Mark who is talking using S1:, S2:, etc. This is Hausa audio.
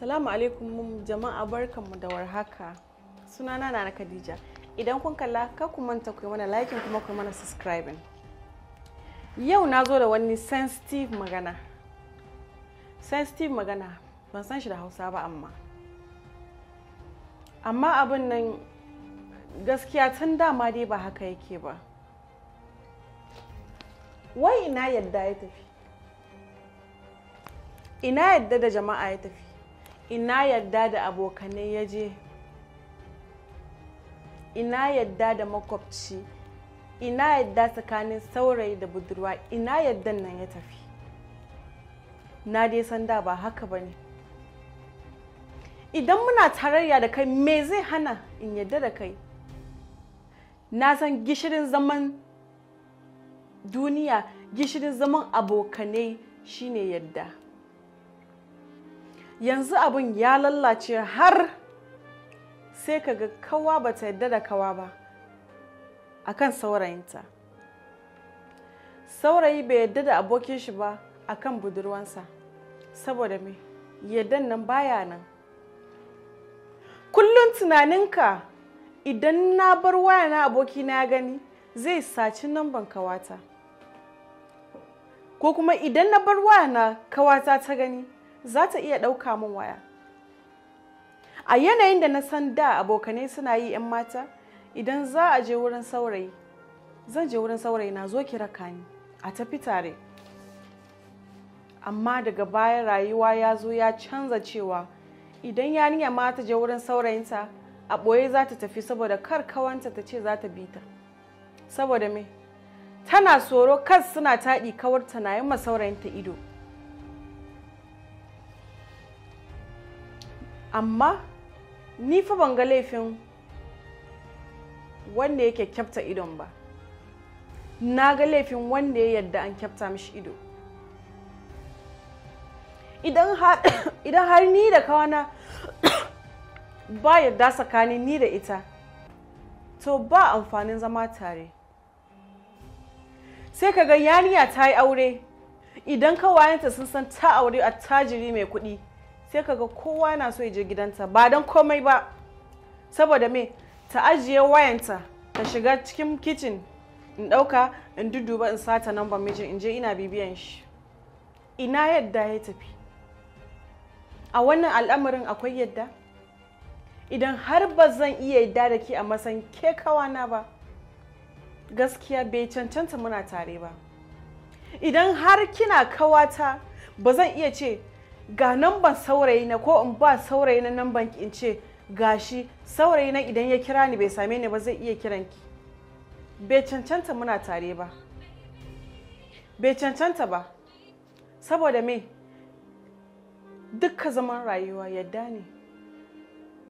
S1: Salamu alaikum jama'a barkanmu da warhaka. Sunana na na Khadija. Idan kun kalla ka ku manta ku mana liking kuma ku mana subscribing. Yau na zo da wani sensitive magana. Sensitive magana ban san shi da Hausa ba amma. Amma abin nan gaskiya tun dama dai ba haka yake ba. Wai ina yadda ya tafi? Ina yadda da jama'a ya tafi? ina yadda da abokanai ya je ina yadda da makwabci ina yadda tsakanin saurayi da budurwa ina yadda nan ya tafi na dai san da ba haka ba ne idan muna tarayya da kai me zai hana in yadda da kai na san gishirin zaman duniya gishirin zaman abokanai shine yadda yanzu abin ya lallace har sai ka ga kawa ba ta yadda da kawa ba a kan saurayinta saurayi bai yadda da abokin shi ba a kan budurwansa saboda me yaddan nan baya nan kullum tunaninka idan na bar waya na abokina ya gani zai saci namban kawata ko kuma idan na bar waya na kawata ta gani za ta iya ɗauka min waya a yanayin da na san da abokanai suna yi 'yan mata idan za a je wurin saurayi zan je wurin saurayi na zo ki raka ni a tafi tare amma daga baya rayuwa ya zo ya canza cewa idan yarinya ma ta je wurin saurayinta a ɓoye za ta tafi saboda kar kawanta ta ce za ta bi ta saboda me tana tsoro kar suna taɗi kawarta na yi masaurayinta ido amma ni fa ban ga laifin wanda yake kyafta idon ba na ga laifin wanda ya yadda an kyafta mishi ido idan har ni da kawana ba yadda tsakanin ni da ita to ba amfanin zama tare sai ka ga yaniya ta yi aure idan kawayenta sun san ta aure a tajiri mai kuɗi sai kaga kowa na so ya je gidanta ba don komai ba saboda me ta ajiye wayanta ta shiga cikin kicin in ɗauka in duduba in sata namban mijin in je ina bibiyan shi ina yadda ya tafi a wannan al'amarin akwai yadda idan har ba zan iya yadda da ke a matsayin ke kawana ba gaskiya bai cancanta muna tare ba idan har kina kawata ba zan iya ce ga namban saurayi na ko in ba saurayi na namban in ce gashi saurayi na idan ya kira ni bai same ni ba zai iya kiran ki bai cancanta muna tare ba bai cancanta ba saboda me duka zaman rayuwa yadda ne